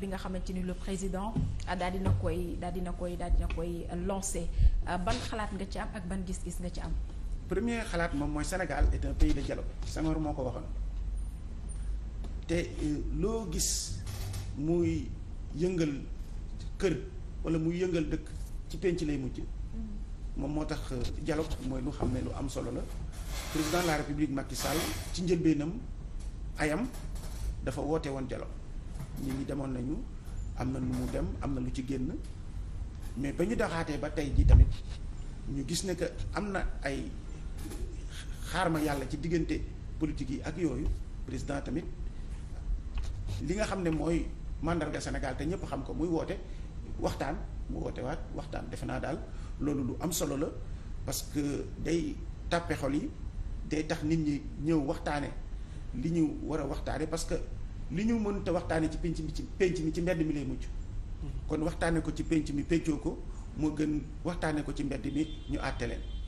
bi nga xamante ni le président daal dina koy daal dina koy daal dina koy lancé euh, ban xalaat nga ci am ak ban gis-gis nga ci am. premier xalaat moom mooy Sénégal est un pays de dialogue Senghor moo ko waxoon te euh, loo gis muy yëngal kër wala muy yëngal dëkk ci penc lay mujj. moom moo tax euh, dialogue mooy lu xam ne lu am solo la président de la république Macky Sall ci njëlbeenam ayam dafa woote woon jaloo nit ñi demoon nañu am na lu mu dem am na lu ci génn mais ba ñu daxaatee ba tey ji tamit ñu gis ne que am na ay xaar ma yàlla ci diggante politique yi ak yooyu président tamit li nga xam ne mooy màndarga Sénégal te ñëpp xam ko muy woote waxtaan mu woote waat waxtaan defe naa daal loolu lu am solo la parce que day tàppe xol yi day tax nit ñi ñëw waxtaane li ñu war a waxtaane parce que li ñu mënta waxtaane ci penc mi ci penc mi ci mbedd mi lay mucc mm-hmm. kon waxtaane ko ci penc mi peccoo ko moo gën waxtaane ko ci mbedd mi ñu àtte leen